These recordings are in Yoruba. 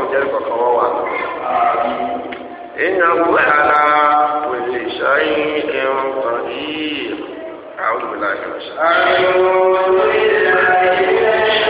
ọlọ́run jẹ́ kọ̀ọ̀kan wọ́n wà. iná wúlọ́lá kò lè ṣáyé ẹ̀rùn kan yìí àwọn olùlànà ṣáyé. àwọn olùlànà ṣáyé.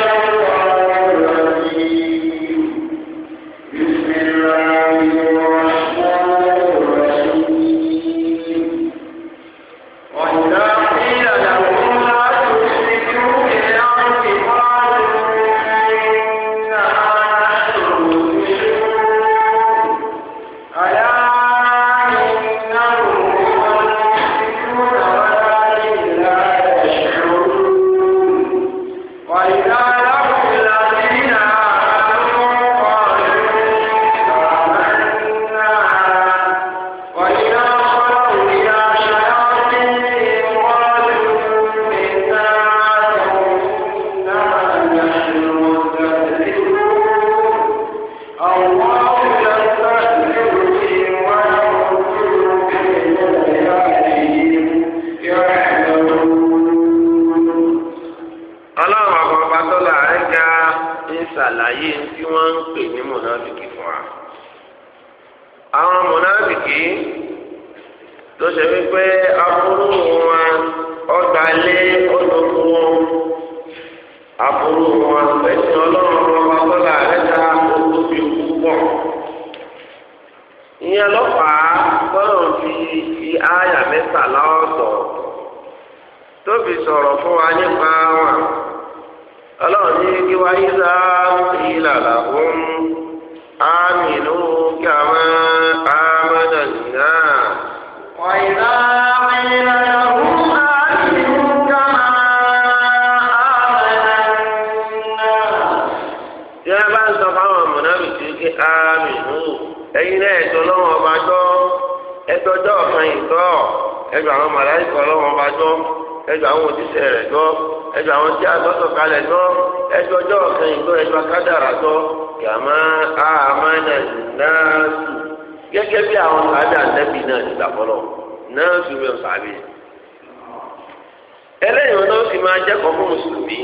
máa jẹ́kọ̀ọ́ fún mùsùlùmí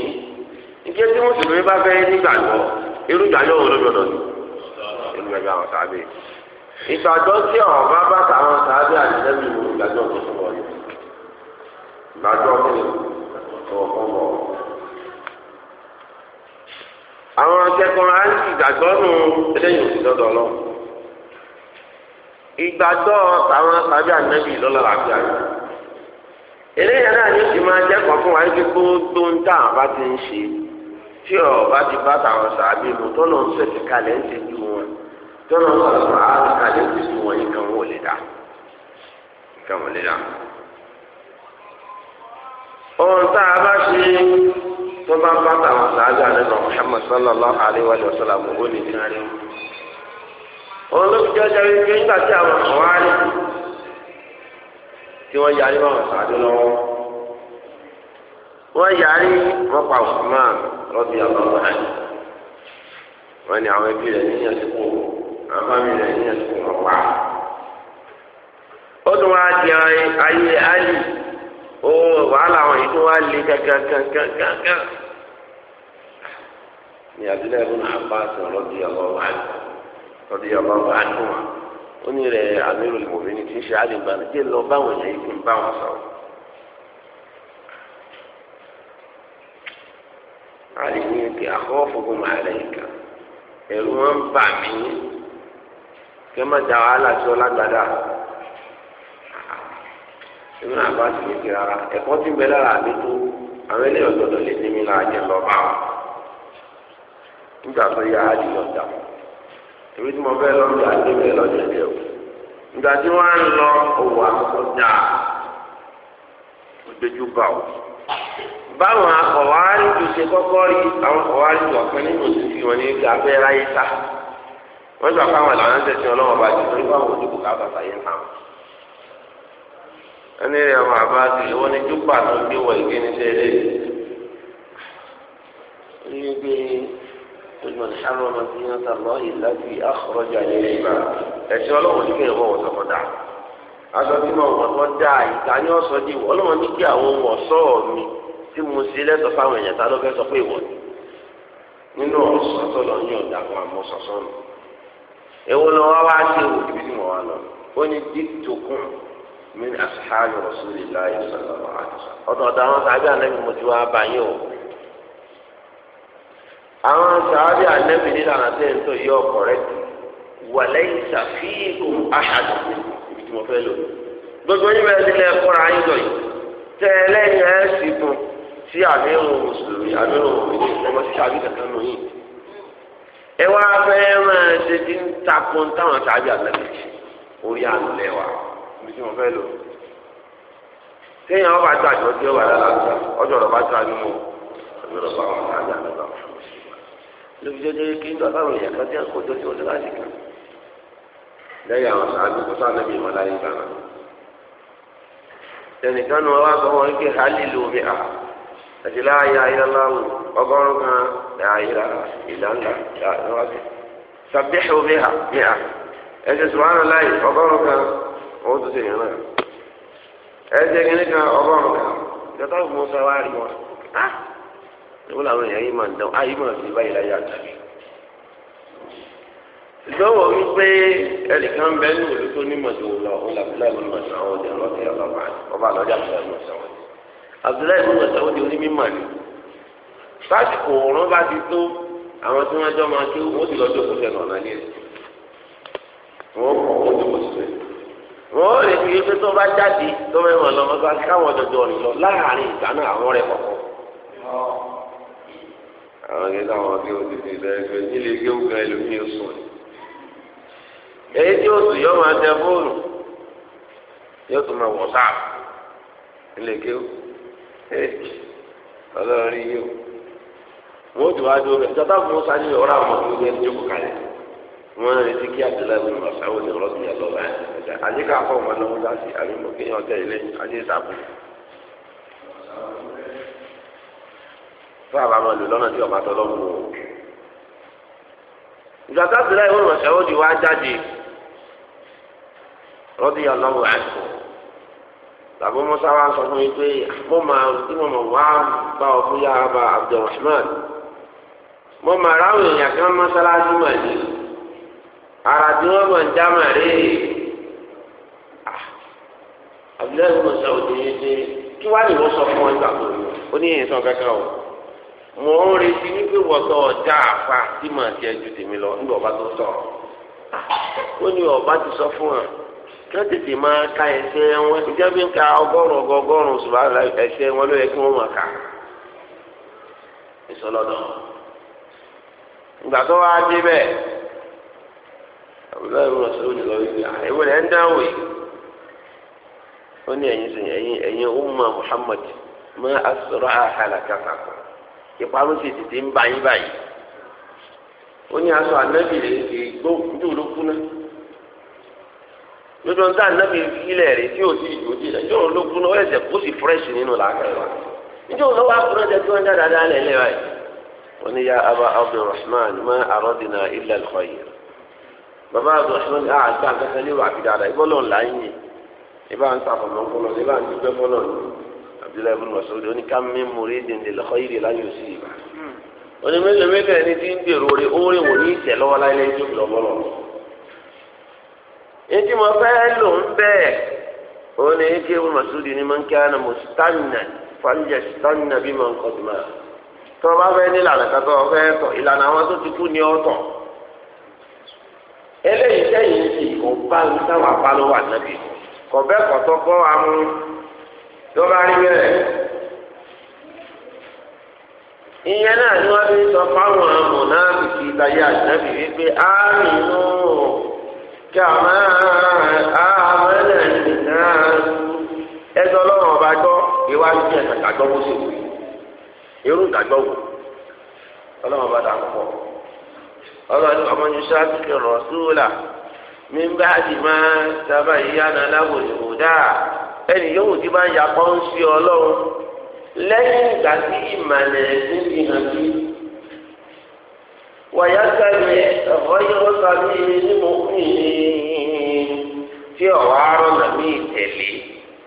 ìgbé tí mùsùlùmí bá fẹ́ nígbàgbọ́ irú ìgbàgbọ́ wọn ló gbọdọ̀ ní irú ìgbàgbọ́ àwọn sábẹ́ ìgbàgbọ́ tí ọ̀bá bá tàwọn sábẹ́ àtìlẹ́yìn ìlú ìgbàgbọ́ tó fún ọ yìí ìgbàgbọ́ tó fún ọ. àwọn akẹ́kọ̀ọ́ á ń ti ìgbàgbọ́ nù ẹlẹ́yìn òsì lọ́dọ̀ ọlọ́run ìgbàgbọ́ tàwọn sábẹ́ àtìlẹ́yìn ìlú lọ́la làbí àyè eléyà náà ní ti máa jẹ́kọ̀ọ́ fún wa ibi kó tó ń tà bá ti ń ṣe tí ọba ti bá tàwọn sàbí mu tọ́nà ń sẹ̀sẹ̀ kalẹ̀ ń ṣe ju wọn tọ́nà ń sọ̀rọ̀ àti kalẹ̀ ń ṣe ju wọn nǹkan wò lè dá nǹkan wò lè dá. ohun tá a bá ṣe tó bá bá tàwọn sàbí àlejò Muhammad sallallahu alayhi wa sallam ó nìkan rí. òun ló fi jẹ́ jẹ́ wípé nígbà tí àwọn ọ̀hún á rí. tí wọ́n yarí báwọn sàdó lọ́wọ́ wọ́n yarí wọ́n pa Usman rọ́bì àbáwọ̀ wọ́n ní àwọn ẹbí rẹ̀ níyàn sí kù àwọn fámì rẹ̀ níyàn sí kù wọ́n pa. ó tún wá di ayé ó wàhálà yìí tún wá lé ní ó ní rẹ̀ amírù ìwòmí ni tí ń ṣe àlìmọ́ni tí ń lọ báwọn èèyàn yìí kí ń báwọn sọ̀rọ̀. àlè ní kí àkọ́fọ́gbọ́n máa rẹ̀ ìkà ẹ̀rù wọn ń bà mí kí wọ́n má da wàhálà sí ọ lágbàdá. ìmúra bá ti fi rárá ẹ̀kọ́ tí bẹ lára mi tó àwọn eléyìí ọ̀dọ́dọ̀ lè ní mi láàjẹ́ lọ́ba nígbà tó yá àdìyọ̀ dàpọ̀ èmi tí mo fẹ́ lọ́jọ́ àti mi lọ́jọ́ ìdí o ìgbà tí wọ́n á lọ òwò àkọjá ojú o báwọn akọ̀wárí tó ṣe kọ́kọ́ rí àwọn akọ̀wárí tó ọ̀kan nínú òṣìṣẹ́ wọn ní gàfẹ́ ráyé sá wọ́n sọ fáwọn làwọn ṣẹ̀ṣẹ̀ ọlọ́wọ́ bá jù lórí báwọn olùkọ́ ká bàtà yẹn fáwọn. ẹni rẹ̀ wọn àbá ti ìwọ ni júpà tó gbé wọ ìgbéni ṣe قل من حرم زينة الله التي أخرج للعباد ẹ̀sìn ọlọ́run ní kéèyàn wọ́n sọ fọ́dà aṣọ tí mo wọ́n tó dá ìtàní ọ̀sọ́ di ọlọ́run ní kí àwọn ohun ọ̀ṣọ́ mi tí mo ṣe lẹ́sọ̀ fáwọn èèyàn tá ló fẹ́ sọ pé ìwọ̀n nínú ọ̀sán tó lọ ní ọ̀dà kan àmọ́ sọ̀sọ́ nù èwo lọ wá wá sí ewu ibi tí mo wà lọ ó ní dìtòkùn min ashabi rasulillahi sallallahu alaihi wasallam ọ̀dọ̀ ọ̀dọ̀ àwọn tàbí àlẹ́ mi mo ti wá báyìí o. àwọn sàárì ànẹ́bí nílànà tẹ́ ń tọ́ yí ọkọ̀ rẹ̀ wà lẹ́yìn sàfíìkù ibi tí mo fẹ́ lò. gbogbo yín bẹ́ẹ̀ nílẹ̀ kọ́ra ayé lọ yìí tẹ́ ẹ ẹ̀ sì tún sí àdéhùn mùsùlùmí àdéhùn mùsùlùmí ọmọ sí sàbí kankan nù ẹ wá fẹ́ máa ṣe ti takun táwọn orí àlùlẹ̀ wa ibi tí mo fẹ́ lò. téèyàn tó àjọ tí ó wà lálàáfíà ọjọ́ ọ̀rọ̀ bá tó àjọ mọ́ ọjọ́ lóbi jọjọ kí n bàbá òyìn àkàtì àkójọ tí wọn lọ láti kàn lẹ́yìn àwọn sàájú kó sáà tẹnìkan nu wọn kí àti láàyè kan ìlànà ìlànà mi ẹsẹ̀ kan tó sèyàn náà ẹsẹ̀ kìnnìkan ìwọ làwọn èèyàn yìí máa ń dán ayé máa fi báyìí láyé àtàlẹ́ ṣùgbọ́n wọ́n wí pé ẹnìkan bẹ́ẹ̀ ní òlu tó ní mọ̀tò lọ òun làbílẹ̀ ìlú mọ̀tò àwọn ọ̀dẹ̀ lọ́sẹ̀ ọlọ́mọ ọba àlọ́jà àbílẹ̀ ìlú mọ̀tò àwọn àbílẹ̀ ìlú mọ̀tò àwọn ọdẹ onímọ̀ ni sásìkò ọ̀rọ̀ bá ti tó àwọn tí wọ́n jọ máa tó wọ́n ti lọ́jọ́ kó sẹ́nu ọ̀nà ní ẹ̀sìn wọ́n kọ̀ wọ́n ti kó sẹ́nu wọ́n lè fi ife tó bá jáde tó mẹ́wọ̀n lọ́mọ àwọn yẹn láwọn bí o ti fi lọ ẹgbẹ́ nílé géwù gan ẹlòmíì sùn ni. èyí tí o sùn máa tẹ fóònù yóò tún máa wọ̀sáàpù nílé géwù ọlọ́rin yìí o wọ́n ti wá dúró rẹ̀ jọba fún ní ọ̀rọ̀ àwọn kalẹ̀ wọ́n rẹ̀ ti kí ọlọ́sìn fún àbámọ lò lọ́nà tí ọba tọ́lọ́ mú o. ìgbà tá a ti láì wọ́n ṣẹ́wọ́ di wá jáde rọ́dí ọlọ́wọ́ àìsàn tàbí musa wa sọ fún mi pé mo máa tí mo mọ̀ wá bá ọ fún yàrá bá Abdulrahman mo máa ráwọn èèyàn kí wọ́n mọ́ṣáláṣí mọ̀ ní ara tí wọ́n mọ̀ ń já mọ̀ rí ah, Abdulrahman sọ̀rọ̀ ní ṣe kí wàá lè wọ́n sọ fún ọ nígbà tó o ní ìyẹn sọ kankan o. mo ń retí wípé wọ́sọ̀ ọjà àfa tí màá jẹ ju tèmi lọ nígbà ọba tó sọ̀rọ̀ ó ní ọba ti sọ fún kí tètè ka ẹsẹ̀ wọn ìjọba ń ka ọgọ́rùn ọgọ́rùn ṣùgbọ́n ẹsẹ̀ wọn ló yẹ kí wọ́n máa kà ìsọlọ́dọ̀ ìgbà tó wá dé àbúrò ní ah, ń dáwọ̀ ó ní ẹ̀yin sìn ẹ̀yin ẹ̀yin ìparun sì tètè ń ba yín báyìí ó ní aṣọ ànábì rè é gbó ojú ló kú náà lójú ọ̀tá ànábì ilẹ̀ rè tí ò sí ìjò jì náà ló kú náà ó ẹ̀sẹ̀ kó sì fúrẹ́ṣì nínú wa jẹ́ ya aba abdulrahman ma àròdìnà ilẹ̀ lọ́yẹ̀ baba ah, àgbà kankan ní wàá fi dáadáa ìbọn náà ìbá ń abdullahi bin masoud ó ní ká mi múri dèndé lọ́kọ́ yìí láyé òsì ìbá ó ní mélòó mélòó ẹni tí ń gbèrò rẹ̀ ó rìn wò ní ìtẹ̀ lọ́wọ́ láyé lẹ́yìn tó fi lọ́wọ́ lọ. etí mo fẹ́ lò ń bẹ́ẹ̀ ó ní eke bin masoud ní man kana mustanna falyastanna biman qadma tó bá fẹ́ nílànà kátó fẹ́ tọ̀ ìlànà àwọn tó ti kú ní ọ̀tọ̀ eléyìí sẹ́yìn sì kò bá ń sáwà bá ló wà nábì kò bẹ́ẹ̀ kọ́tọ́ kọ́ amú. tó bá rí bẹ́ẹ̀ ìyẹn náà ni wọ́n fi sọ fáwọn mọ̀nàbìkì ìtayé àjẹbí wípé àmì nù kàmá àmọ́lẹ̀ nìkan ẹjọ́ lọ́wọ́ ọba gbọ́ iwájú ní ẹ̀sán kàgbọ́ bó ṣe wù irú kàgbọ́ wù ọlọ́wọ́ ọba dà pọ̀ ọlọ́ni ọmọ yìí sábà yíyá náà láwòlè wò dáa. ẹnì yòówù tí bá ń yapọ̀ ń sí ọlọ́run lẹ́yìn ìgbà tí ìmàlẹ̀ ẹ̀sìn fi hàn sí. wàyà sáré ẹ̀fọ́ yóò sáré ní mo kún ní tí ọ̀wá rọ̀nà mí ìtẹ̀lé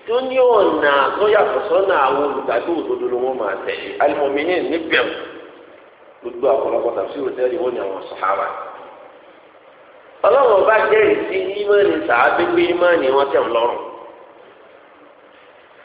tó ní ọ̀nà tó yàtọ̀ sọ́nà àwọn olùdájọ́ òdodo ló wọ́n máa tẹ̀lé alimọ̀mìnì níbẹ̀ gbogbo àpọ̀lọpọ̀ tàbí sí wọn ni àwọn sàhábà ọlọ́run ọba jẹ́rìí sí ímọ̀ọ́nì sàábẹ́gbẹ́ ímọ̀ọ́nì wọn tẹ̀ ń lọ́rùn.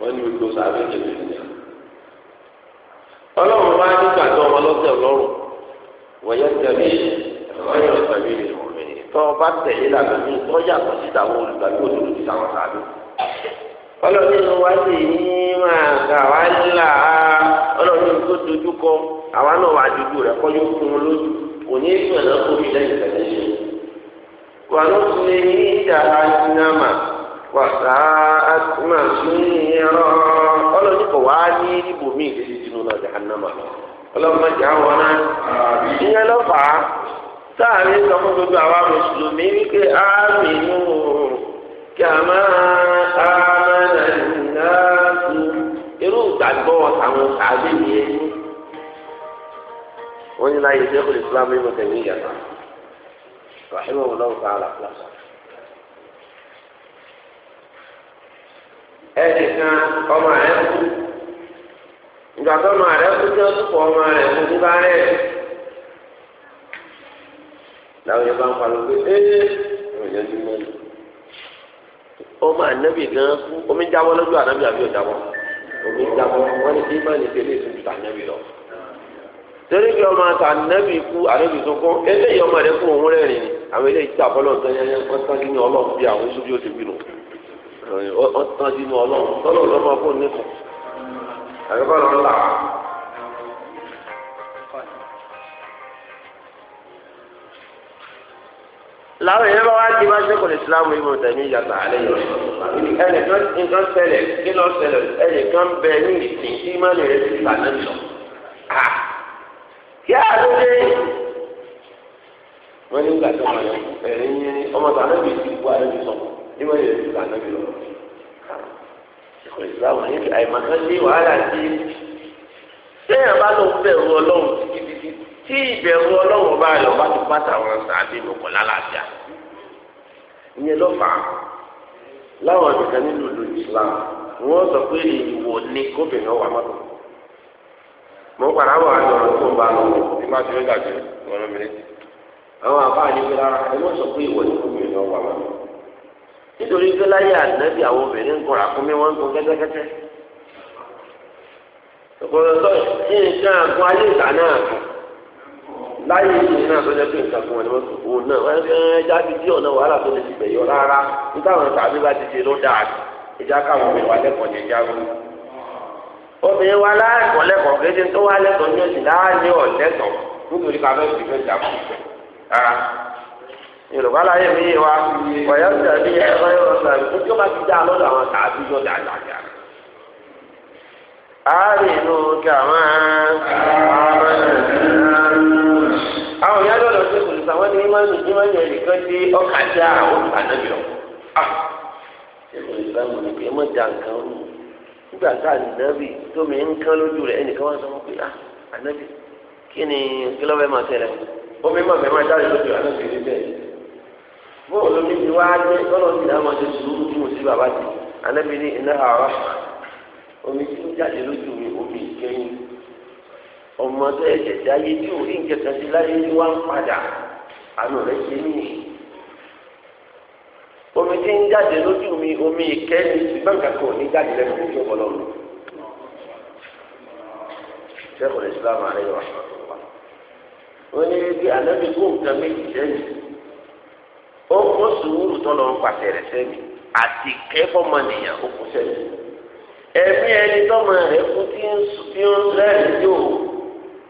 wọ́n ní gbogbo sàbẹ̀ kẹlẹ̀ nìyà. ọlọ́run bá nígbà tó ọmọ lọ́sẹ̀ lọ́rùn wọ̀nyẹ́ tẹ̀lé ọ̀yọ́ tẹ̀lé ìrọ̀lẹ́ tó o bá tẹ̀lé lànà mí tó yàtọ̀ sí táwọn olùgbàgbé òdòdó sí táwọn sàbẹ̀. ọlọ́run ní wá sí ní máa kà wá nílà ọlọ́run tó dojú kọ àwa náà wà dojú rẹ̀ kọ́ yóò fún un lójú òní ìfẹ́ náà kó mi lẹ́yìn tẹ̀lé wà ló tún lé ní ìjà wàtá àtúmọ̀ síyẹ̀rọ ọlọ́ni kò wá ní ibòmí ìdílé tinú náà jahannama ọlọ́mọdé àwọn náà ìyẹn lọ́fà sáàrin sọ fún gbogbo àwa mùsùlùmí wípé àmì nù kí a máa àmàlà náà tu irú ìgbàgbọ́ àwọn ẹnìkan ọmọ rẹ kú ìgbà tó ọmọ rẹ kú tí ó ọmọ rẹ kú ní bárẹ̀ làwọn yẹn bá ń pariwo pé ee ọmọ yẹn ti mọ ọmọ ànábì gan kú omi jábọ́ lójú ànábì àbí ọ̀jábọ́ omi jábọ́ wọ́n ní kí má ní tẹ̀lé ìtújú tànábì lọ torí bí ọmọ àtà nẹ́bí kú àrẹ́bí tó kọ́ eléyìí ọmọ rẹ kú òun rẹ̀ rìn àwọn eléyìí tí àbọ̀lọ̀ tó yẹn wọ́n tán nínú ọlọ́run bí àwọn oṣù bí ó ti bínú. ọ tọ́jú fún nípò lọ láwọn èèyàn bá wá di bá ṣẹ́kọ̀ọ́ lè sílámù ìmọ̀ tẹ̀mí ìyàtọ̀ àlẹ́ yìí ẹnìkan nǹkan ṣẹlẹ̀ kí ló ṣẹlẹ̀ ẹnìkan bẹ ní ìsìn tí má lè rẹ ti tàná lọ. kí àlóde wọ́n ní gbàgbọ́ ọmọ tàná níwọ̀n yẹn ti lànà mi lọ. ìkọ̀lẹ̀ ìsìlámù ní àìmọ̀kan ní wàhálà sí i. sẹ́yìn bá ló ń bẹ̀rù ọlọ́run títí tí ìbẹ̀rù ọlọ́run bá lọ bá ti pàtà wọn sàbí lòkọ̀ lálàáfíà. ìyẹn ló fà á. láwọn àgbẹ̀kan nílùú ìlú ìsìlámù wọ́n sọ pé ìwò ni gómìnà wà mọ́tò. mo padà wà á lọ tó bá lọ bí má ti rí gàdúrà wọn lọ àwọn àbá àdébí rárá ẹ nítorí pé láyé ànábì àwọn obìnrin ń kọra fún mi wọ́n ń kọ kẹ́tẹ́kẹ́tẹ́ ọ̀pọ̀lọpọ̀ ní nǹkan àgọ́ ayé ìta náà kù láyé ìlú náà tó jẹ́ pé nǹkan fún wọn ni wọ́n sùn òun náà wọ́n ń já ti dí ọ̀nà wàhálà tó lè ti gbẹ̀yọ̀ rárá nígbà wọn tàbí bá ti ṣe ló dáa ìjà káwọn obìnrin wa lẹ́kọ̀ọ́ yẹn já wọn. obìnrin wa láàkọ̀ lẹ́kọ̀ọ́ kéde tó wá lẹ́kọ̀ọ́ ní ọ̀sìn láàyè ọ̀lẹ́kọ̀ọ́ nítorí yorùbá láyé mi yé wa wàyà sàbí ẹ̀rọ yóò sàbí ojú ọba ti dá lọ́dọ̀ àwọn sàbí yóò dá dáadáa. àárínú kàmá àwọn ìyá lọ́dọ̀ tó kùn sàwọn ní ìmọ̀ ní ìmọ̀ yẹn nìkan tí ọkà já àwọn ìbànújẹ́ lọ. ṣèlú ìbámu ni pé mọ̀jà nǹkan rú nígbà tá ànábì tómi ń kán lójú rẹ̀ ẹnìkan wá sọ fún pé ah, ànábì kí ni kílọ̀wẹ́ máa tẹ̀lé omi máa fẹ́ máa jáde lójú ànábì bóun ló ní ti wá dé lọ́nà tí náà máa ṣe sùúrù tí mo sí bàbá jù anábì ní iná àárọ̀ omi tí ń jáde lójú mi omi ìkẹyìn ọmọ tó ẹ̀jẹ̀ tí ayé tí ò rí nkẹta sí láyé ní wá ń padà àánú rẹ̀ ṣe ní omi tí ń jáde lójú mi omi ìkẹyìn ṣùgbọ́n kankan ò ní jáde lẹ́nu tó tó bọ́ lọ́nu. sẹ́kùn Islam àlẹ́ yọ̀ wọ́n ní bí anábì kó nǹkan méjì sẹ́yìn. ó kó sùúrù tó lọ́n pàṣẹ rẹ̀ sẹ́mi àti kẹ́fọ́ mọ̀nìyàn ó kó sẹ́mi. ẹ̀mí ẹni tọ́mọ rẹ̀ tí ń ń o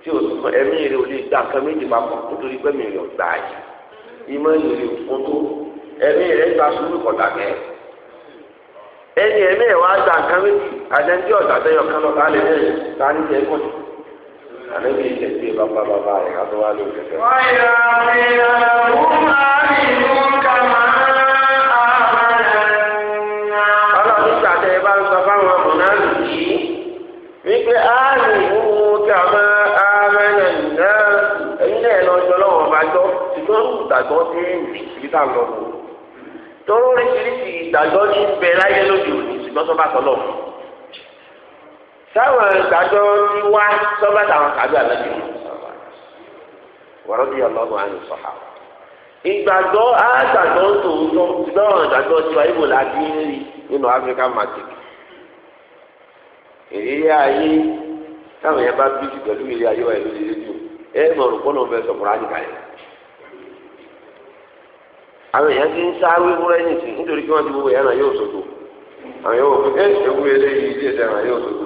sùn ò lè gba nǹkan méjì papọ̀ nítorí pé mi ò gbà yìí ìmọ̀ ìrìn òkun tó ẹ̀mí rẹ̀ gba sùúrù kọ̀dà kẹ́ ẹni ẹ̀mí ẹ̀ wá méjì àlejò ìṣègbè bàbá bàbá rẹ̀ kátó wá lóṣù tẹ̀. wọ́n yà á fi ẹ̀rù máa ń ìlú kàmá táwọn ìgbàjọ ti wá sọ́gbà táwọn kàdúrà lẹ́yìn wọ́n rọ́bì ọlọ́run àyè sọ̀hà. ìgbàjọ àgbàjọ tòótọ́ ṣùgbọ́n ìgbàjọ tiwa ibo la bí ń nínú African magic. ìrírí ayé táwọn yẹn bá bí jù pẹ̀lú ìrírí ayé wa ìlú ìrírí ẹ yẹn. àwọn èèyàn ti ń sáré nítorí kí wọ́n ti yóò sọ̀tò àwọn yóò ilé yóò sọ̀tò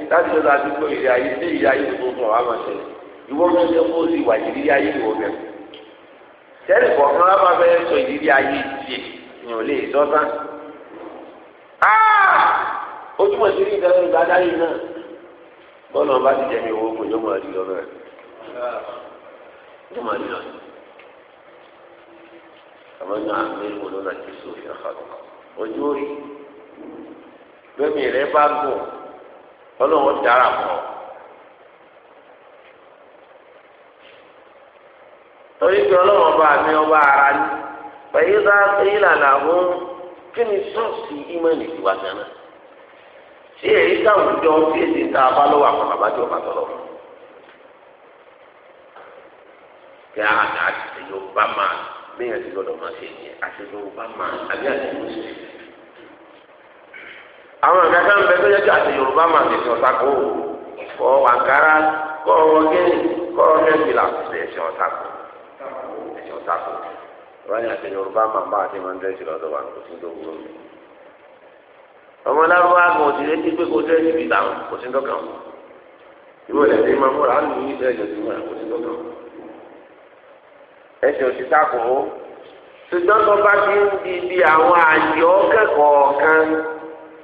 láti lọ́dọ̀ àdúgbò ìrì ayé dé ìrì ayé tó tún wà máa ṣẹlẹ̀ ìwọ mi ṣe kó sì wà ìrírí ayé ìwọ bẹ́ẹ̀. sẹ́ẹ̀lì kọ̀ọ̀kan wá máa fẹ́ sọ ìrírí ayé tiẹ̀ ni ò lè dọ́tà. ojúmọ̀ ah! sí ní ìdájọ́ ìgbà dáyé náà bọ́ọ̀lù ọba ti jẹ́ mi owó kò yóò máa rí lọ bẹ́ẹ̀. yóò máa rí lọ sí. àmọ́ náà àmì ìwòlò náà ti ojú orí bẹ́ẹ̀ mi rẹ bá gùn. ọlọ́run ó dára pọ̀. torí pé ọlọ́run ọba mi ọba ara ní pẹ̀lú bá ìlànà àwọn kí ni sọ́ọ̀sì ìmọ̀lì ti gánà. ṣé èyí táwọn jọ ń ta bá lọ́wọ́ àwọn bá tọ̀lọ̀ fún kí a àti máa bí ti máa ṣe àwọn àgbàgbà ń bẹ tó yẹ kí àti yorùbá máa tẹ̀sí ọ̀tá kó kọ́ wàǹkárá kọ́ ọwọ́ gẹ́ni kọ́ mẹ́fìlà tẹ̀sí ọ̀tá kó tẹ̀sí ọ̀tá kó wọ́n yà àti yorùbá máa bá àti máa ń dẹ́sí lọ́dọ̀ wa kò sí tó wúlò mi. ọmọ lárúbá kan ò ti lé pé kó dé níbi ìdáhùn kò sí dọ́kàn ìwé ilẹ̀ tí máa múra lù ní ìṣẹ̀lẹ̀ tí múra kò sí dọ́kàn. ẹsẹ̀ òsì takò ṣùgbọ́n tó bá ti ń di ibi àwọn àjọ kẹ́kọ̀ọ́ kan.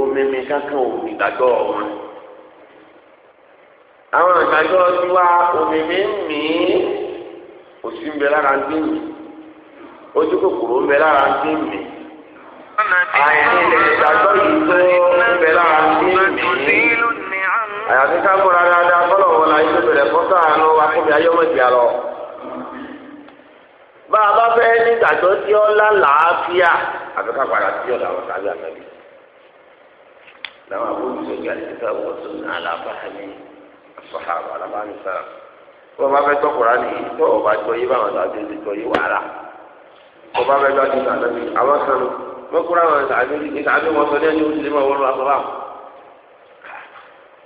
omimi kankan ò ní ìdájọ́ wọn. àwọn ìdájọ́ tiwa omimi mi òsì ń bẹ lára ń dín mi ojú kòkòrò ń bẹ lára ń dín mi àìní ilẹ̀ ìdájọ́ yìí tó ń bẹ lára ń dín mi àyàfi ká múra dáadáa bọ́lọ̀ wọn láyé tó bẹ̀rẹ̀ fọ́ sáànù akóbi ayọ́mọ̀dì àlọ́. bá a bá fẹ́ ní ìdájọ́ tí ó lálàáfíà àfi padà sí ọ̀dà àwọn sábẹ́ àtàbí làwọn abóyún sójú àtìkà wọ tó ní alábàámi sọ̀hàbà alábàámi sára wọ́n bá fẹ́ tọ́ Kùránì tó o bá gbọ́ yé báwọn sàbẹ̀ ti gbọ́ yé wàhálà wọ́n bá fẹ́ gbọ́dọ̀ nípa àtàbí àwọn kan wọ́n kúrò àwọn sàbẹ̀ ti sàbẹ̀ wọn sọ ní ẹni oṣù lẹ́mọ̀ wọn lọ́wọ́ báwọn.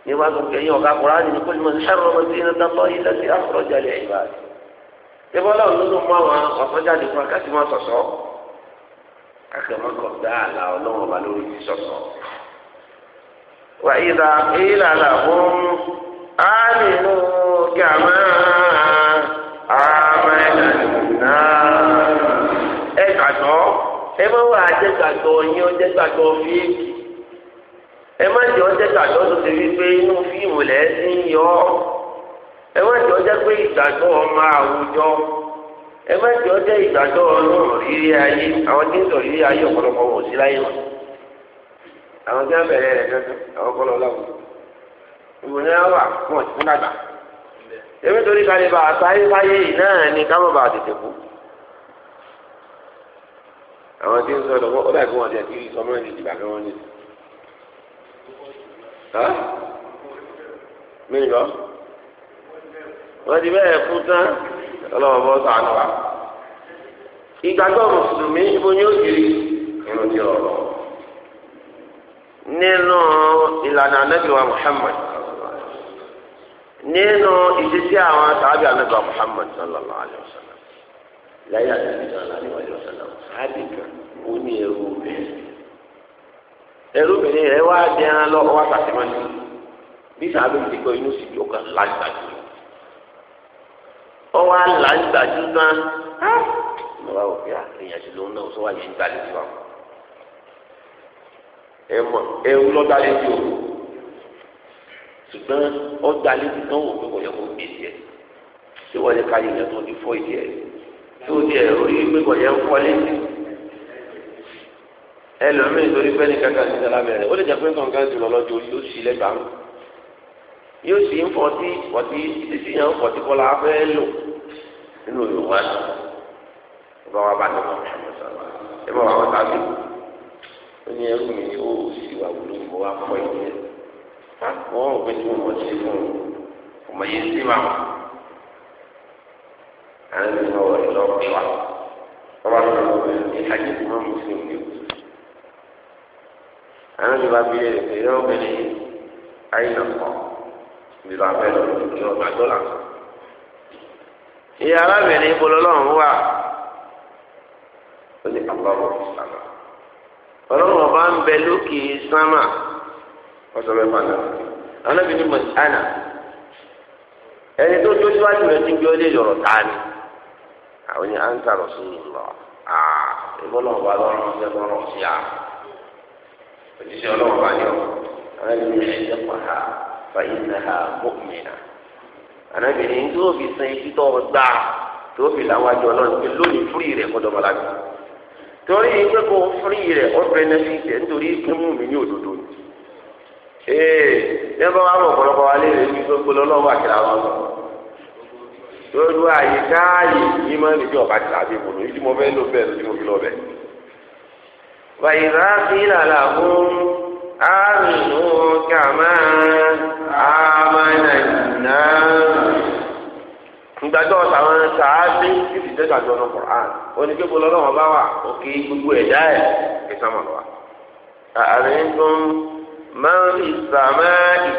ní wàá tó kẹ́yìn ọ̀gá Kùránì ní kó lè mọ̀ sẹ́rọ̀ ọmọ sí iná tán lọ́ yìí lẹ́sí àfọ̀rọ̀jà lẹ́ ìbáàdì. ìbọ́lá òun ló ló mú àwọn ọ̀sánjáde fún akásí wọn sọ̀sọ́ وإذا قيل لهم آمنوا كما آمنا ẹgbàgbọ́ ha, ha wà jẹgbàgbọ́ yín ha. jẹgbàgbọ́ fíìmù ẹ má jẹ́ ọjẹ́ gbàgbọ́ tó ti rí pé inú fíìmù lẹ̀ ẹ́ sí yọ ẹ má jẹ́ ọjẹ́ pé ìgbàgbọ́ ọmọ àwùjọ ẹ má jẹ́ ọjẹ́ ìgbàgbọ́ ọlọ́run rírí ayé àwọn tí ń sọ rírí ayé sí láyé wọn. àwọn tí wọn bẹ̀rẹ̀ rẹ̀ kankan àwọn kọlọ láwùjọ ìwòye wọn wà fún ọtí fún dàgbà èmi torí kalẹ̀ bá àtàyè sáyé yìí náà ni ká má bàa tètè kú àwọn tí ń sọ lọ́wọ́ ó dàbí wọn àti ìrísọ mọ́ ní ìdìbà kí wọ́n ní. mí lọ wọ́n ti bẹ́ẹ̀ kú tán ọlọ́wọ́ bọ́ sànù wa ìgbàgbọ́ mùsùlùmí ibo ni ó kiri irun ti rọrùn. nínú ìlànà anábìwá muhammad nínú ìdísí àwọn sàábì anábìwá muhammad sallallahu alayhi wa sallam láyé àtàbí sallallahu alayhi wa sallam sàábì kan ó ní ẹrú bẹ́ẹ̀ ẹrú bẹ́ẹ̀ rẹ wá dé ẹran lọ wá sàtìmọ́lì bí sàábì ti kọ́ inú yóò kàn ọ wá ah, náà ẹ òkè àkèyàn ti lóun náà ẹmọ ẹwú lọ́dà létí o ṣùgbọ́n ọ̀dà létí náà wò pé kò yẹ kó gbé tiẹ̀ tí wọ́n lè ka yìí yẹn tó ti fọ́ ìdí ẹ̀ tí ó di ẹ̀ orí pé kò yẹ kó létí ẹlòmíràn torí pé ní kankan ti sẹ́la bẹ̀rẹ̀ ó lè jẹ́ pé kankan ti lọ lọ́jọ́ yóò sì lẹ́gbàá yóò sì ń fọtí fọtí títí yẹn ń fọtí kọ́lá fẹ́ lò nínú Yorùbá náà ẹ bá wà bá ní ọmọ ẹ bá wà wọ́n sábà ó ní ẹrú mi ó sì wà wúlò ìwọ wa kọ ìdílé wọn ò pé tí mo mọ̀ sí fún un ọmọ yẹn sí wa àwọn ẹni náà wọlé lọ pé wa wọn bá lọ lọ bẹ ní hajj tí wọn mú sí òkè òkè àwọn ẹni bá bí ẹ ẹ yọ ọbẹ ní ayé náà kọ ìlú abẹ lọ ní ọgbà dọlà ìyá alábẹ̀rẹ̀ ìbọlọ́lọ́run wà ó ní àbúrò ọ̀sán náà. ọlọ́run ọba ń bẹ lókè sámà ọ̀sán mẹ́fà náà anábì ní ẹni tó tó síwájú rẹ̀ ti bí ó tá a ní àwọn à ń sàrọ̀ sí i lọ ìbọn náà wà sí a ọlọ́run ha mọ́kùnmíà anábì ní tó fi ibi tó gbà tó fi làwọn àjọ lónìí fúri torí pé kò fúrí rẹ̀ ó bẹ́nẹ́fìtì ẹ̀ nítorí pé mú mi ní òdodo ni. ee ní bá wà lọ́pọ̀lọpọ̀ wa léèrè ní gbogbo lọ́wọ́ àkìlá wọn lọ. lórí àyè káàyè yìí máa ń lè bí ọ̀bá ti làbí ìbòlò yìí tí mo fẹ́ lò bẹ́ẹ̀ lórí mo fi lọ bẹ́ẹ̀. wàyí ráàkì làlà fún àmì nù kàmá àmàlà náà ìgbàjọ àwọn sàábí títí dẹ́gbà jọ ní Qur'an oníkébo lọ́wọ́ bá wà òkè gbogbo ẹ̀dá ẹ̀ ìsàmà lọ́wọ́. àárín tó ń máa ń rí sàmáì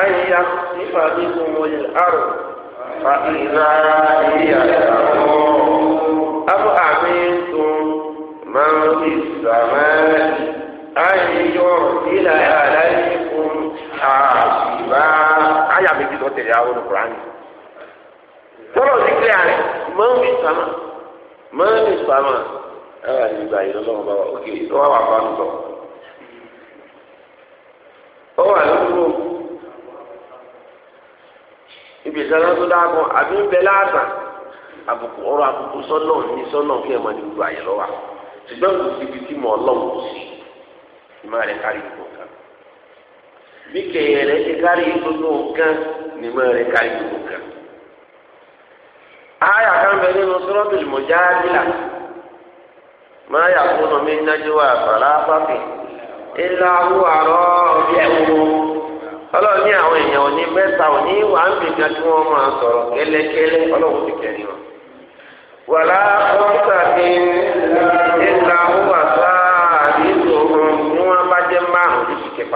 àyà nípa nínú wọlé àrùn fa ìlà ìyá ìyàwó. abu àmín tó ń máa ń rí sàmáì àyẹ̀yọ̀ ìlà àlàyé fún àṣìbá àyà méjì tó tẹ̀lé àwọn Qur'an yìí. tọ́lọ̀ sí kílẹ̀ ma máa ń fi sàmà máa ń fi sàmà ẹ̀rọ àti ìgbà yìí lọ́wọ́ bá wa òkè tó wà wà bá ń ó wà lóko ibi ìsàlẹ̀ tó dáàbò àbí ń bẹ láàtà àbùkù ọ̀rọ̀ àbùkù sọ́nà ní sọ́nà kí ẹ̀ máa ní gbogbo ibi tí mo ọlọ́run kò sí ìmọ̀ rẹ̀ kárí gbogbo nǹkan bí kẹ̀yẹ̀ rẹ̀ ṣe kárí gbogbo nǹkan ni ìmọ̀ rẹ̀ kárí aya kan bẹ nínú suratul mujadila ma yakunu min najwa salafati illa huwa rabi'uhum ọlọ́run ní àwọn èèyàn òní mẹ́ta òní wà ń bìkà kí wọ́n máa sọ̀rọ̀ kẹ́lẹ́kẹ́lẹ́ ọlọ́run ti kẹ́rin wọn. wàlá kọ́ńtà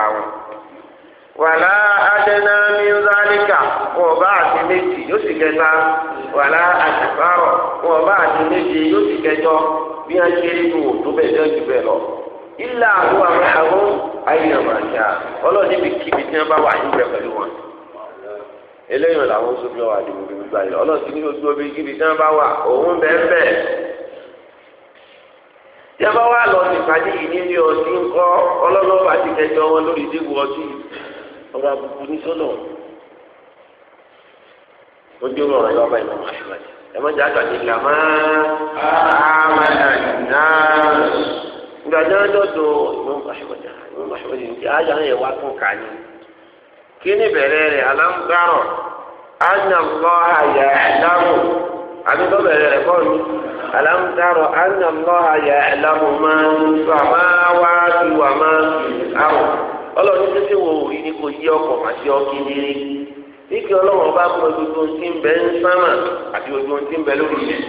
wọn. adẹ́nà mílíọ̀nìkà wọn bá àti méjì yóò sì kẹta wàlá àtìbárọ̀ wọn bá àti méjì yóò sì kẹjọ bí wọn ṣe é wò tó bẹ̀ jọ jù bẹ́ẹ̀ lọ. ilé àwọn àwọn àwọn ayélujára ọlọ́ọ̀ni bí kíbi tí wọ́n bá wà níbẹ̀ pẹ̀lú wọn. eléyìí làwọn sọ fún wa dìbò bí gbogbo ayé ọlọ́ọ̀tì ní gbogbo bí kíbi tí wọ́n bá wà òun bẹ́ẹ̀ bẹ́ẹ̀. tí wọ́n bá wà lọ sí ìpàdé yìí níbi ọtí ńkọ́ ọlọ́lọ́wọ́ àti kẹjọ wọn lórí ìdíwọ̀ ọtí yìí ọ̀rọ̀ àbùkù ní sọ́nà ojú ọ̀rọ̀ yọ ọba ìmọ̀ ahmed ẹ má jẹ́ àgbàdo ìlà máa àmàlà náà gbàdá lọ́dọ̀ ìmọ̀ ahmed ìmọ̀ ahmed ní ayé àwọn ìwà tó kà ní. kí ni bẹ̀rẹ̀ rẹ̀ alámúgbárọ̀ ánàmọ́ àyà ẹ̀dámù àbí tó bẹ̀rẹ̀ rẹ̀ kọ́ mi alámúgbárọ̀ ánàmọ́ àyà ẹ̀dámù máa ń sọ àmọ́ wá ti wà máa ń fi àrùn. ọlọ́run ní sẹ́sẹ́ wo òrí ni kò yí ọkọ̀ àti ike ọlọ́run bá mú ojú tó ń ti ń bẹ ń sámà àti ojú tó ń ti ń bẹ lórí ilẹ̀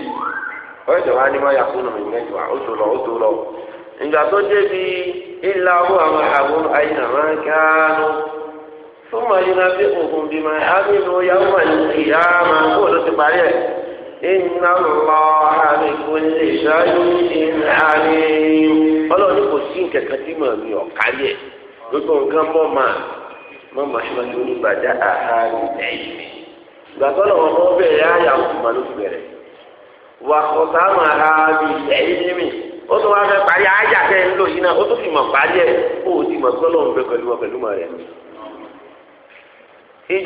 ọjọ́ otu ụlọ. wọ́n yà fún mi mẹ́jọ ó tó lọ ó tó lọ. ìgbà tó débi àwọn àwọn máa ń fún bí bí yàwó máa kó ló ti parí ẹ̀. lọ gbogbo nǹkan mọ́ máa mọ́ máa onígbàjá àhárí ẹ̀yìn mi. ìgbà tó lọ́wọ́ mọ́ bẹ̀rẹ̀ ló fi bẹ̀rẹ̀. wà ó tún wá fẹ́ parí kẹ́ yìí náà ó tún fi mọ̀ parí ẹ̀ ti mọ̀ tó lọ́wọ́ pẹ̀lú wọn pẹ̀lú ìgbàgbọ́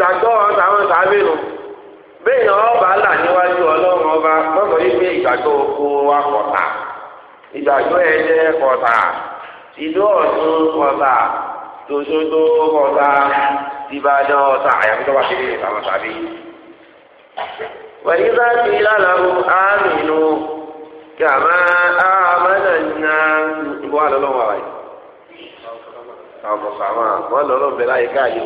bẹ́ẹ̀ là níwájú ọlọ́run ọba tòṣoṣo ọ̀tá tìbàdàn ọ̀tá àyàfi tó bá ti rí àwọn tàbí. wẹ̀yìn bá ti lálàó àmìnú kàmá àmàlànà ìbọn àlọ́lọ́wọ́ àwáyé. àwọn kàmá wọn lọ́lọ́ bẹ̀rẹ̀ ayé káàyè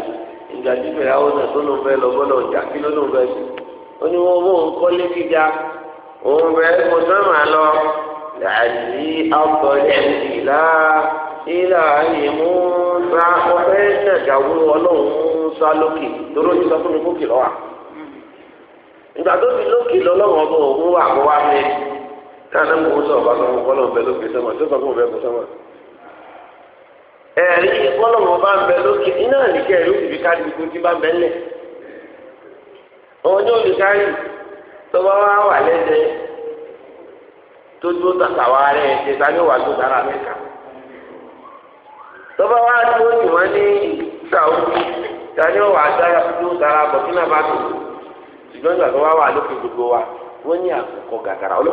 ìgbà tí bẹ̀rẹ̀ àwọn ọ̀nà tó ló ń bẹ lọ gbọ́dọ̀ jà kí ló ló ń sí. ó ní wọn mú un kọ́lé gíga òun bẹ̀rẹ̀ kó sọ́mà lọ làyé ọkọ̀ ẹ̀ ilà ayé na ọ̀fẹ́ nàgàwó ọlọ́run lókè lóró ti fún mi kókè lọ́wọ́ ìgbà tó fi lókè lọ́lọ́run òun wà kó wá ọba sọ fún bẹ lókè tó ọba ń bẹ lókè iná ẹ̀rí òbí tí bá bẹ lẹ̀. olùkárì tó bá wá wà lẹ́sẹ̀ tó dúró tàtàwá rẹ̀ ṣe wà tó dára tọ́ba wá tí ó wọ́n ní ó wà dára tó dára bọ̀ kí náà bá tó ṣùgbọ́n ìgbà tó wá wà lókè gbogbo wa wọ́n ní àkókò gàgàrà wọn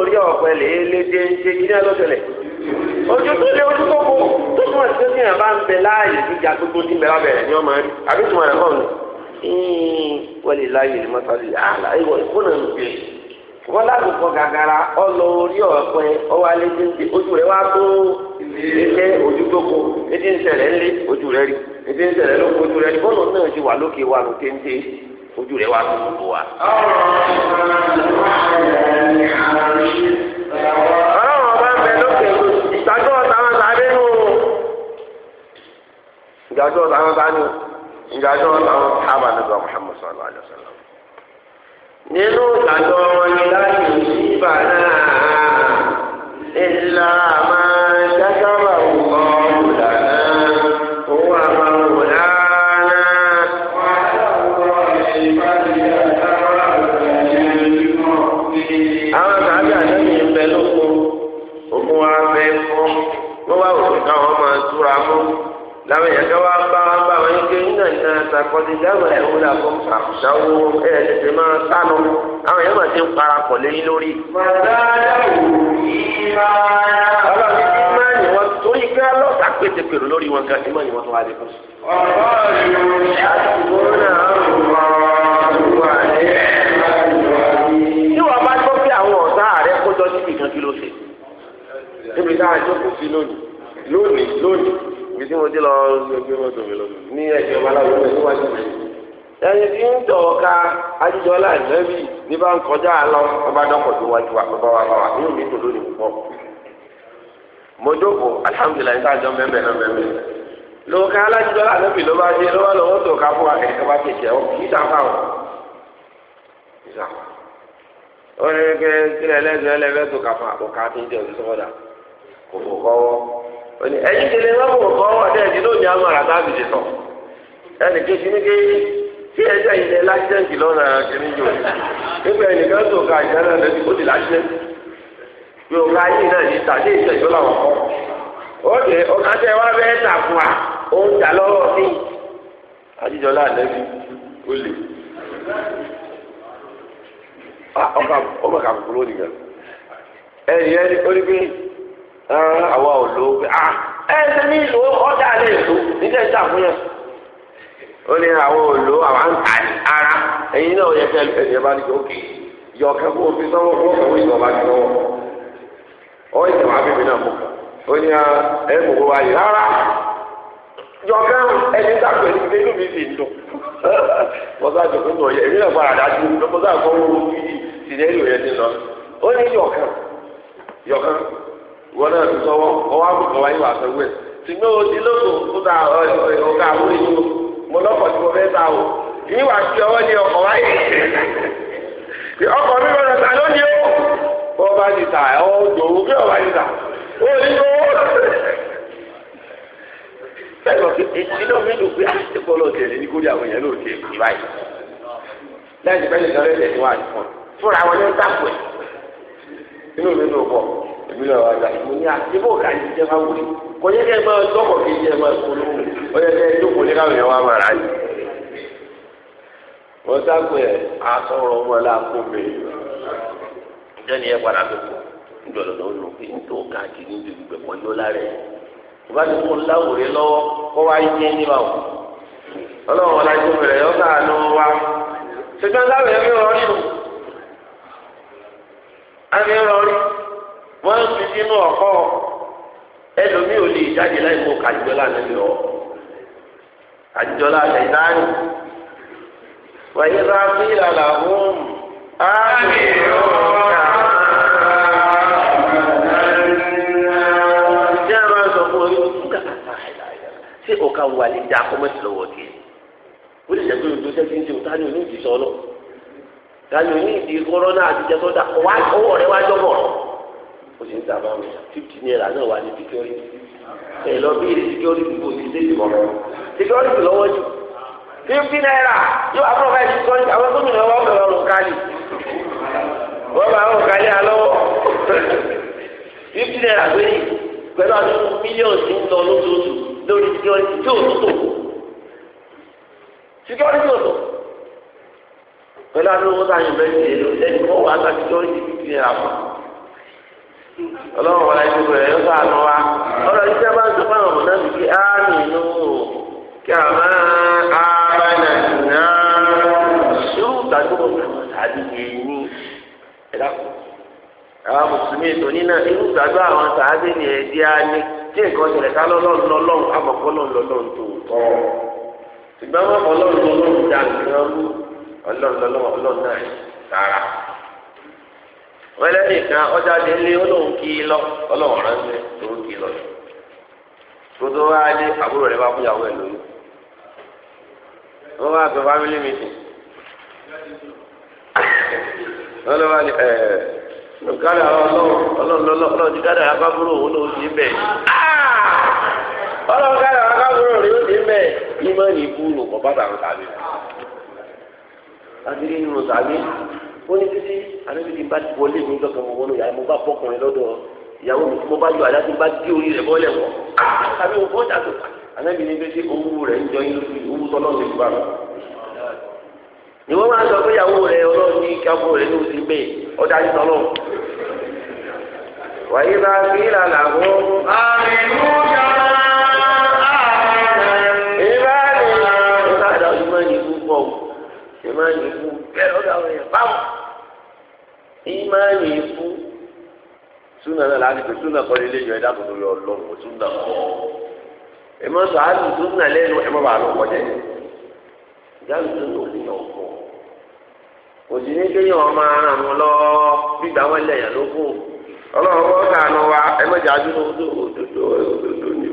orí ọ̀pẹ ṣe kí ní ẹlọ́tẹ̀lẹ̀ ojú tó lé ojú tó kó tó túmọ̀ sí pé bá ń bẹ láàyè ìjà gbogbo ni wọ́n rí àbí rẹ̀ kọ́ ọ̀nà láàyè wọn ládùúgbò gàgàrà ọlọ orí ọpẹ ọwọ alẹ ti ojú rẹ wá tó ilé ojú etí ń ṣẹlẹ̀ ńlẹ ojú rẹ rí etí ń ṣẹlẹ̀ lóko ojú rẹ rí bọ́ọ̀lù náà ti wà lókè wa ló téńté ojú rẹ wá tó gbogbo wa. ọlọ́run ọba ń bẹ lókè ìdájọ́ táwọn sáré nù. ìdájọ́ táwọn sáré nù ìdájọ́ táwọn sábà nígbà fana ilà máa ṣàkàrà ọ̀gbọ́n ọ̀dàná owó àmàlù lánà. àwọn kàábí àtẹ́bí ń bẹ lóko ogun wa bẹ fún wọ́n wá òkè káwọn máa túra mú làwọn èèyàn kan wá bá wọn bá wọn yín ké nínú ìtàn àtàkọ́dé dáhùn ẹ̀hún làkọ́ àṣàwọ̀ ẹ̀ tètè máa sánú àwọn èèyàn máa ti ń parapọ̀ lẹ́yìn lórí. ọlọ́run ti ti máa ní wọn torí pé ọlọ́ọ̀ta pété pèrò lórí wọn gan ìmọ̀ ni wọ́n tún wá lé fún. tí wọ́n bá gbọ́ pé àwọn ọ̀tá rẹ̀ kójọ síbi kan kí ló ṣe. níbi táwọn ìjókòó sí lónìí lónìí lónìí ibi tí mo dé lọ gbé mọ́tò mi lọ ní ẹ̀jẹ̀ baláwo ní wájú mi. ẹni tí ń tọ̀ ọ́ ká ajijọla ìnáwí ní bá ń kọjá lọ ọba dọ́kọ̀ tó wájú wa bàbá wa bá wa ní òní tó lónìí púpọ̀. mojoko alihamudulilayi sáà jọ mẹ́mẹ́ náà mẹ́mẹ́ lóka alájijọla ìnáwí ló bá dé lọ́wọ́ lọ́wọ́ tó ká fún wa kẹ̀kẹ́ ká bá tẹ̀sẹ̀ ọ kì í sàfà o. ó ní kí kílẹ̀ lẹ́sẹ̀ lẹ́fẹ̀ẹ́ tó ká fún àbọ̀ká tó ń jẹ́ òṣìṣẹ́ ọ̀dà kò fò kọ́wọ́ ẹ̀yin kele wọ́n kò kọ́wọ́ tí ẹjọ́ yìí lẹ lájẹǹtì lọ́nà kìíní jò nígbà ẹnìkan tó ka ìjà náà lẹbi ó ti lájẹǹtì yóò ká yìí náà làwọn kọ ó dé tẹ wá bẹ tà fún wa ó ń tà sí i lẹbi ó lè ah, ọkà ọmọ kà ẹni ìlú ah, ah, ọjà lè nígbà fún yẹn. ó ní àwọn òòlù àwọn àǹtà ara ẹ̀yin náà yẹ kẹ́ ẹ̀yẹ bá ní òkè yọ ọ̀kẹ́ kó o fi sọ́wọ́ kó o fi bá ti lọ́wọ́ ó ní ìwà bíbí náà mọ̀ ó ní ẹ̀ mọ̀ wá yìí rárá yọ ọ̀kẹ́ ẹni dàgbẹ́ ní ilé inú mi sì dùn mọ̀sá jòkó yẹ náà fara dájú kọ́ fi ti lọ ó ní yọ yọ wọn náà ti mo lọ́kọ̀ tí mo fẹ́ ta o yìí wàá fi ọwọ́ ní ọkọ wáyé ọkọ̀ mi gbọ́dọ̀ ta lónìí o bọ́ bá ti ta ẹ̀ ọ́ bí ọba ti ta ó ní owó bẹ́ẹ̀ lọ sí inú mi dùn pé àti bọ́ọ̀lù ní àwọn ló báyìí fúnra ìpínlẹ̀ wa gbà mo ní àtibó ká yìí jẹ́ máa wuli kò yẹ kẹ́ máa dọ́kọ̀ kí yẹ máa polówó ó kẹ́ ẹ jókòó ní káwọn yẹn máa rà yìí. wọ́n sáàpù ẹ̀ asọ̀rọ̀ ọmọ làákó jẹ́ni ẹ padà tó kù ńdọ̀lọ̀ ló ń lò pé tó káàkiri ní ìgbẹ́ pọ̀ ní ọ̀la rẹ̀ ìbá ti kó lọ́wọ́ kó wá yé níbà wò ọlọ́run wọn lájú rẹ̀ yọ káàánú wa ṣùgbọ́n láwòrán wọ́n ń fi sínú ọ̀kọ́ ẹlòmíì ò lè jáde láì mú kájọ́lá níbi ọ̀ kájọ́lá ṣẹ̀dáàrì wàyí rábí ìlàlà fún ámì ọ̀rọ̀ jẹ́ máa sọ fún orí nígbà kàtà àìláyà sí ọ̀ka wà lè kò sí ń tà máa fifty naira náà wà ní security ẹ lọ bí ìrè security kò sí léyìn mọ́ security lọ́wọ́ jù fifty naira yóò àbúrò báyìí security àwọn tó nyìnbọn wọn bẹ̀rẹ̀ kálí wọ́n bá ọ̀rùn kálí alọ́wọ́ fifty naira pé pẹ̀lú àti mílíọ̀nù tí ń lọ lóṣooṣù lórí security tí ò tó tó security ò tó pẹ̀lú àti owó tá a yàn bẹ́ẹ̀ ti lè lò lẹ́yìn kó wàá security fifty naira fún un. ọlọ́run wọn láti gbogbo ẹ̀yọ́ sànù wa ọlọ́run iṣẹ́ bá ń sọ fún àwọn ọmọdé bíi áàmì inú kí a máa abáná náà ṣùgbọ́n ìgbàgbọ́ àwọn sàádìí ẹ̀yìn ẹ̀dá àwọn mùsùlùmí ètò nínà inú ìgbàgbọ́ àwọn sàádìí ni ẹ̀dí ayé tí nǹkan ṣẹlẹ̀ ká lọ́lọ́run lọ́lọ́run àbọ̀kọ́ lọ́lọ́run tó tọ́ ṣùgbọ́n wọn kọ́ lọ́run lọ́lọ́run dà wẹ́lẹ́ nìkan ọjà lè lé olóhùn kí lọ ọlọ́run kí lọ lé àbúrò rẹ̀ bá fún ìyàwó ẹ̀ lóyún wọ́n wá sọ family meeting wọ́n lọ́wọ́ ni ẹ̀ ọlọ́run ọlọ́run àbábúrò òun ọlọ́run àbábúrò rẹ̀ ìmọ̀ ní ó ní títí àlejò ti bá wọlé mi lọ́kàn mọ́ wọnú yàrá mo bá bọ́kùnrin lọ́dọ̀ ìyàwó mi tí mo bá yọ àdá tí mo bá gé orí rẹ̀ bọ́lẹ̀ wọ̀ ah, àbí mo bọ́ dàtò àlejò ní pé owó rẹ̀ ń jọ yín lórí owó tọ́lọ́ ní ìgbà rẹ̀ ni wọ́n máa sọ pé ìyàwó rẹ̀ ọlọ́run ní káfó rẹ̀ ní oṣù gbé ọ̀dà ìtọ́lọ́ wàyí ìmáàmì ikú súnà náà láti fi súnà kọ́ lélẹ́ yọ ẹ̀dá tó lórí ọlọ́run súnà kọ́ ẹ má sọ àlù súnà lẹ́nu ẹ ma ara wa ẹ má jà dúró òdodo òdodo ni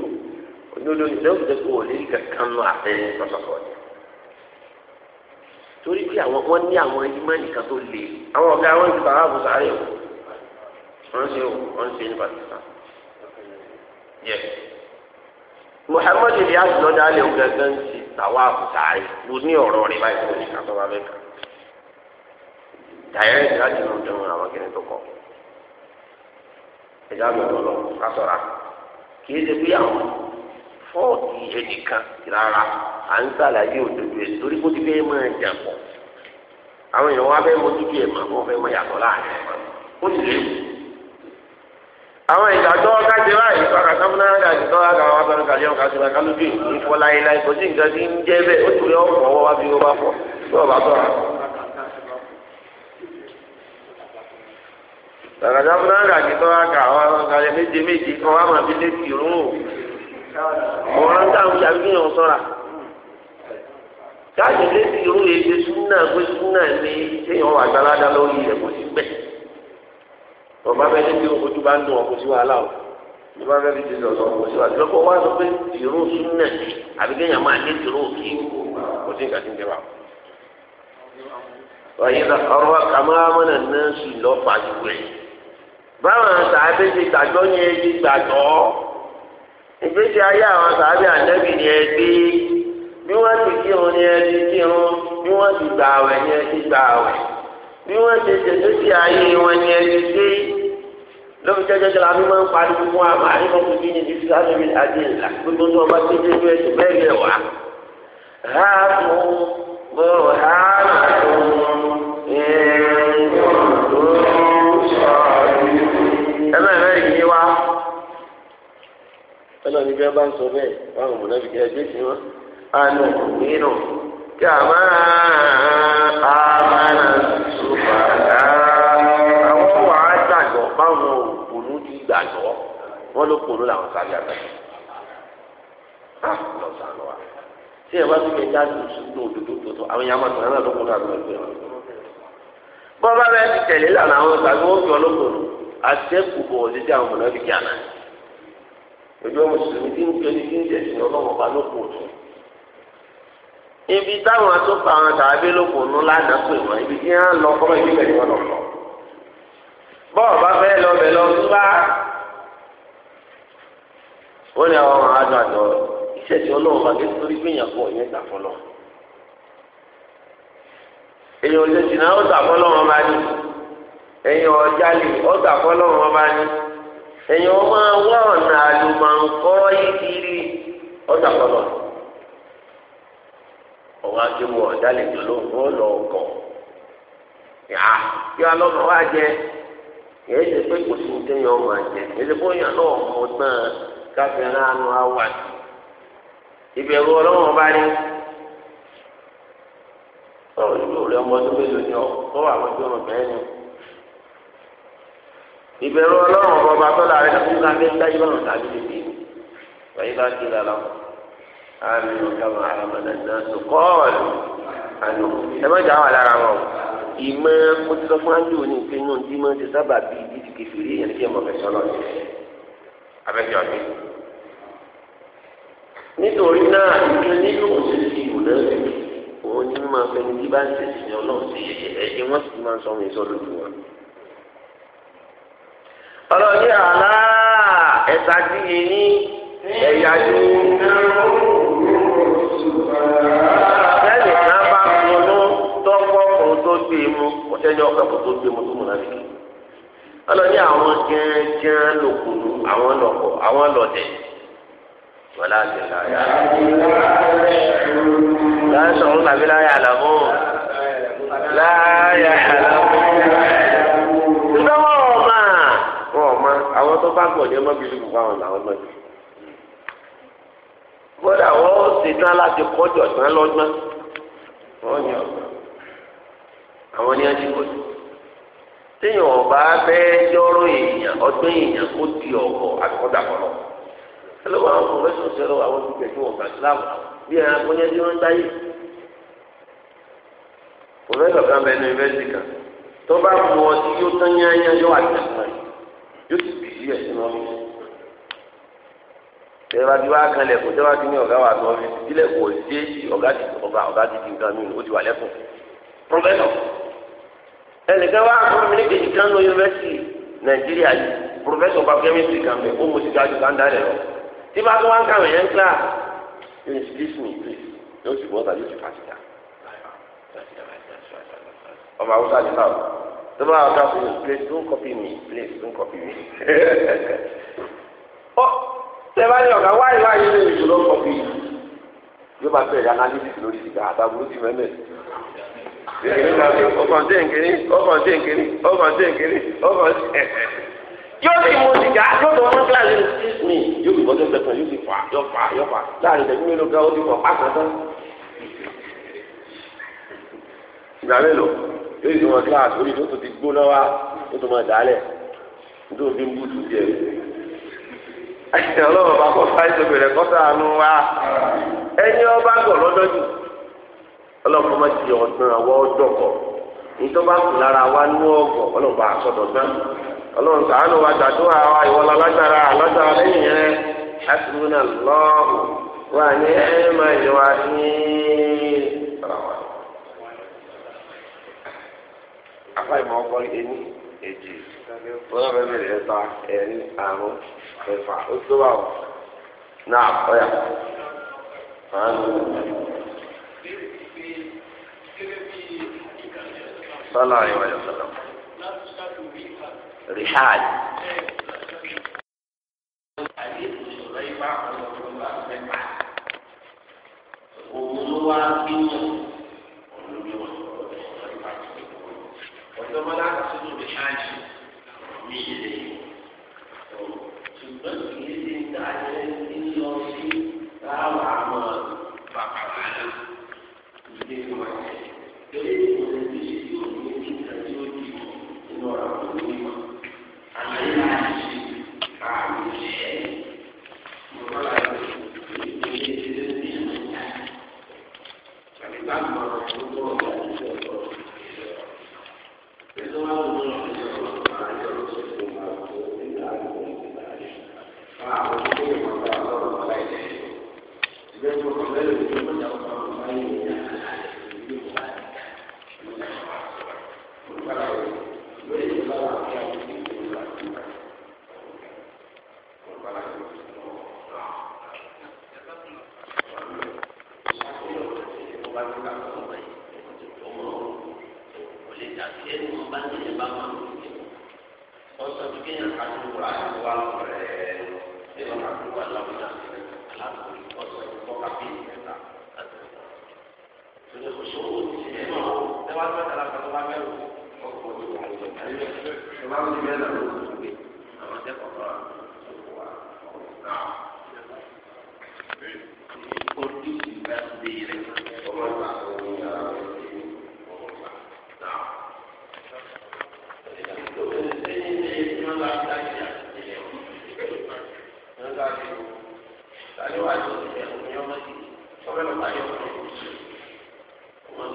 òdodo ni lẹ́wọ̀n tó kò wọlé kankan nù ni. torí pé àwọn wọn ní àwọn ìmánì kan tó le àwọn ọ̀gá wọn ti bàbá àbùsà rẹ̀ o wọ́n ṣe o wọ́n ṣe ní Pakistan yẹ Muhammad ibi asinọdà alẹ o gẹ́gẹ́ ń ti tàwa àbùsà rẹ̀ mo ní ọ̀rọ̀ rẹ̀ báyìí fún mi kátó bá bẹ kàn dàyẹrẹ ìdílé àti ìlú dẹrùn àwọn akẹ́ni tó kọ ẹ̀dá mi lọ́lọ́ kásọ̀ra kì í ṣe pé àwọn fọ́ọ̀tì ẹnìkan rárá à ń sàlàyé òdodo ẹ̀ torí kó ti fẹ́ máa jà pọ̀ àwọn èèyàn wá fẹ́ mójútó ẹ̀ mà wọ́n fẹ́ mọ yàtọ̀ láàrin ẹ̀ mà ó sì léwu. àwọn ìdájọ́ kájẹ báyìí kàkà sáfúnà àti tọ́ àgbà wa sọ̀rọ̀ kàlẹ́ ọ̀kà sí wa kálódé ìfọ̀ láyéláyé kò sí nǹkan tí ń jẹ́ bẹ́ẹ̀ ó tún ọ̀pọ̀ ọwọ́ wá ọ̀ràn táwọn yàrá yìí ń sọ́ra káàdì létí irú èdè súnà pé súnà ní téèyàn wà gbalada lórí rẹ̀ kò sí gbẹ ọba bẹ ní bí ojú bá ń dùn ọkọ sí wàhálà o ìgbà bẹ bí jésù ọsọ ọkọ sí wàhálà lọ́pọ̀ wá sọ pé tìrú súnà àbí kéèyàn máa ní tìrú kí kò sí nǹkan tí ń jẹba o. ọ̀rọ̀ ìgbésí ayé àwọn sàbí ànábì ni ẹ gbé bí wọ́n ti kírun ni ẹ ti kírun bí wọ́n ti gbà àwẹ̀ ni ẹ ti gbà àwẹ̀ bí wọ́n ti ṣètò sí ayé wọn ni ẹ ti gbé lóbi jẹjẹrẹ la fi máa ń pariwo fún wa máa nípa kò bí ní ti fi ànábì adé ńlá gbogbo tó ọba tó dé bẹ́ẹ̀ tó bẹ́ẹ̀ lẹ̀ wá. ha tó bọ̀ ha tó ẹ̀ ń tó sọ̀rọ̀ ẹ̀ bẹ́ẹ̀ bẹ́ẹ̀ yìí. ọlọ́run ní bá ń sọ bẹ́ẹ̀ báwọn mọ̀lẹ́bí kẹ́ ẹgbẹ́ sí wọn. àánú nínú kí a máa àmàlà ṣùgbọ́n àwọn gbàgbọ́ báwọn òpònú ti gbàgbọ́ wọn ló pònú làwọn sábẹ́ ah, lọ wa tí ẹ bá tún lù òdòdó àwọn máa tún bá bẹ́ẹ̀ ti tẹ̀lé lànà àwọn ìgbàgbọ́ àti ẹ̀kú bọ̀ àwọn kí àná ẹgbẹ́ mùsùlùmí tí ń nke tí ń jẹ̀sìn ọlọ́wọ́ bá ló kù ibi táwọn atúpa àwọn tàbí ló kù lánàá pè ibi tí wọ́n lọ ibi bẹ̀rẹ̀ wọn lọ. bọ́ọ̀ bá fẹ́ lọ bẹ̀ lọ tó bá ní àwọn àjọ àjọ iṣẹ́ tí torí yẹn gbà fọlọ́. èèyàn ò lè jìnnà ó gbà èèyàn ọmọ wá ọ̀nà àlùmọ̀ǹkọ́rọ́ yìí kiri ọjà kọlọ̀ ọ̀wọ́n akéwọ̀ ọ̀dálẹ̀jọ́ ló ń kọ́ lọ ọkọ̀ kí jẹ yẹ́n ṣe pé kò sí téèyàn máa jẹ náà tán ìbẹ̀rù bá ọ̀rọ̀ ìlú rẹ̀ mélòó ni ọ̀ ìbẹ̀rù ọlọ́run ọba tọ́lá rẹ̀ fún káfí ń dájú ọ̀run tàbí níbi wáyé bá ti lọ lọ́wọ́ àmì ọ̀gáwọ̀ àràmọ̀dá náà tó kọ́ọ̀lù àná ẹ má jà wà lára wọn ìmọ̀ mo ti sọ fún ájú òní pé inú ti máa ti sábà bí títí kẹfìrí èèyàn tí ẹ̀mọ́ fẹ̀sọ́ lọ sí abẹ́jọ́ mi. nítorí náà ìpín nínú òṣèlú ìlú náà òun ni máa fẹni tí bá ń tẹ̀sí ọlọ́run sí ẹ̀jẹ̀ ẹ̀jẹ̀ wọ́n sì máa sọ ọlọ́ọ̀ni àlá ẹ̀ta díye ní ẹ̀yà ju. Bẹ́ẹ̀ni kan bá funu tọ́kọ́ kan tó gbé e mu, ó tẹ́jọ́ ọ̀pẹ̀ tó gbé e mu tó múná nìkan. Ọlọ́ọ̀ni àwọn jẹ́ẹ́jẹ́ lòkùnù, àwọn lọ̀kọ̀, àwọn lọ̀dẹ̀. Wọ́n á là yá. Láyé sọ̀rọ̀ tàbí láyé àlàmú. Láyé àlàmú. tó bá gbọ̀ ní ọmọ bíi lùkù fáwọn làwọn ọmọ yìí. kódà wọ́n ṣetán láti kọjọ tán lọ́gbọ́n wọ́n ní ọ̀gbọ́n àwọn ní ọjọ́ ìbò téèyàn ọba bẹ́ẹ̀ dọ́rọ̀ èèyàn ọdún èèyàn kó di ọ̀gọ̀ àkọ́dà kọ́lọ̀ ẹlọ́wọ́ àwọn kòmẹ́sàn sẹ́lọ́ àwọn ti gbẹ̀dú ọ̀gá síláàmù bí ẹ̀rọ akọ́nyẹ́ tí wọ́n ń dáyé kòmẹ́sàn kan bẹ́ẹ̀ ní yunifásitì kan tó bá mú ọtí yóò tán yányá yóò àtẹ̀kùn yóò síbẹ̀ sínú ọ́fíìsì tẹ́wájú wa kan lẹ́kùn tẹ́wájú ní ọ̀gá wa tọ́ ìdílẹ̀kùn òsì ọ̀gá ti ọ̀gá ọ̀gá ti di nǹkan mìíràn ó ti wà lẹ́kùn pọfẹ́sọ̀ ẹnìkan wá fún mi ní kejì kan lọ yunifásitì nàìjíríà yìí pọfẹ́sọ̀ bá kẹ́mísírì kan bẹ̀ ó mo ti gbájú kan dálẹ̀ lọ tí bá tó wá ń kà wọ̀nyẹn ń kílà yóò ti dis me yóò Some of our people, please don't copy me. Please don't copy me. oh, Sẹ́fàlì ọ̀gá wáyé wáyé lè rí ló kọ́pì yìí. Yóò bá bẹ̀rẹ̀ analysis lórí ìgbà àtàbúrú ti mẹ́mẹ́. Ọkàn tí nkiri, ọkàn tí nkiri, ọkàn tí nkiri, ọkàn tí yóò sì mú sìgá yóò tó mú kíláàsì excuse me yóò fi bọ́jọ́ sẹ́kàn yóò sì fà yóò fà yóò fà láàrin ìdẹ́jú mélòó gan ó ti fọ̀ pàtàkì. Ìgbà mélòó? yóò tún wọn kíláàsì orí tó tún ti gbóná wá tó tún máa dálẹ̀ tó fi ń bùtù jẹ. ọlọ́run bá kọ́ fáìsì bẹ̀rẹ̀ kọ́ sànù wa ẹni ọba lọ́dọ́ jù ọlọ́run ti nítorí lára wa nú ọ̀gọ̀ ọlọ́run bá sọ̀dọ̀ tán ọlọ́run wa lágbára afáìmọ̀ ọkọ ẹni èjì wọn náà fẹ́ bẹ̀rẹ̀ ẹ̀ta ẹni àrùn ẹ̀fà ó tó bá wọ̀ náà ọ̀yà àánú. sọlá ìwà ìwà rihal. Òun ló wá zama na ka fito mi shi da ṣùgbọ́n kì í ṣe táwọn bá mọ̀ ọ̀sán tó kéèyàn ká tó wúra ẹ̀kọ́ wà lọ́rẹ̀ ẹ̀ lọ́ọ́ ká tó wà lọ́wọ́ náà aláàbò ọ̀sán tó kọ́ ká bí ìrẹ̀ta tòlè kò sówó ti ẹ̀ mọ̀ ẹ wá tó dára kan tó bá mẹ́rù ọkọ̀ tó wà lọ́wọ́ náà ẹ bá wọ́n ti bẹ́ẹ̀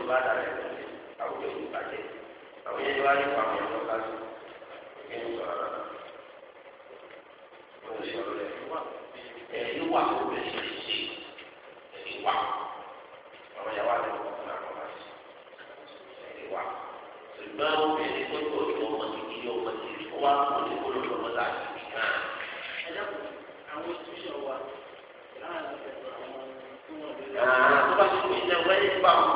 bá dàrẹ àwùjọ yìí bàjẹ́ àwùjọ yìí wá ní pàmò ẹ̀rọ kájú kí ni sọ̀rọ̀ náà ó lè sọ̀rọ̀ rẹ̀ ẹ̀rí wà ó lè ṣe ṣe ẹ̀rí wà àwọn yàrá wà lẹ́nu ọ̀hún àwọn máa ṣe ẹ̀rí wà ṣùgbọ́n obìnrin tó tó ìwọ́n mọ̀ ní ilé ọmọ ìrìn wà kó lè tó bá ti pín iṣẹ́ wẹ́ẹ́ nípa àwọn